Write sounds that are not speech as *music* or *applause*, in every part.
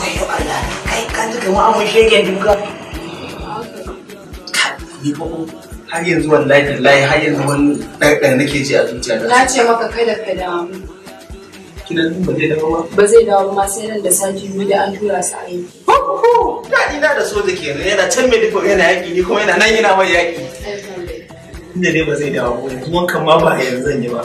Wayo Allah, kai ka ji kamar an ke duka. Ni ba har yanzu wallahi billahi har yanzu wani ɗanɗan nake ji a zuciya Na ce maka kada ka damu. Kina nan ba zai dawo ba? Ba zai dawo ba sai nan da sati biyu da an tura su aiki. Daɗi ina da soja ke kenan yana can Medifo yana yaƙi ni kuma yana nan yana mai yaƙi. Inda ne ba zai dawo ba yanzu kan ma ba yanzu zan yi ba.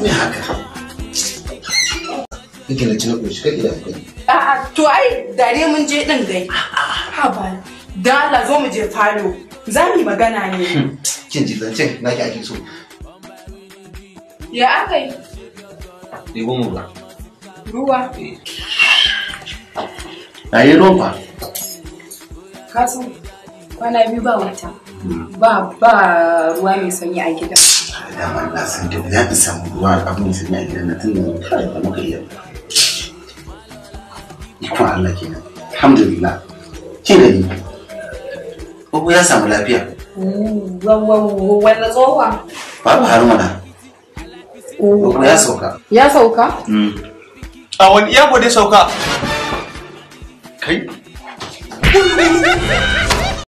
me haka kike na ci na koshi kake da hakuri a'a to ai da ne mun je din gai. ha ba da Allah zo mu je falo za mu magana ne hmm, kin ji zancen na ki ake so ya aka yi ɗebo mu ba ruwa a yi ruwa eh. ka kwana biyu ba wata ba ba ruwa mai sanyi a gidan dama na san da ya fi samu ruwa abu mai sanyi a gidan na tun da da muka iya ikon Allah kenan alhamdulillah kin gani ko ya samu lafiya mm, wannan tsohuwa babu har mana ko mm. ya sauka ya sauka mm. a wani iya gode sauka kai *laughs*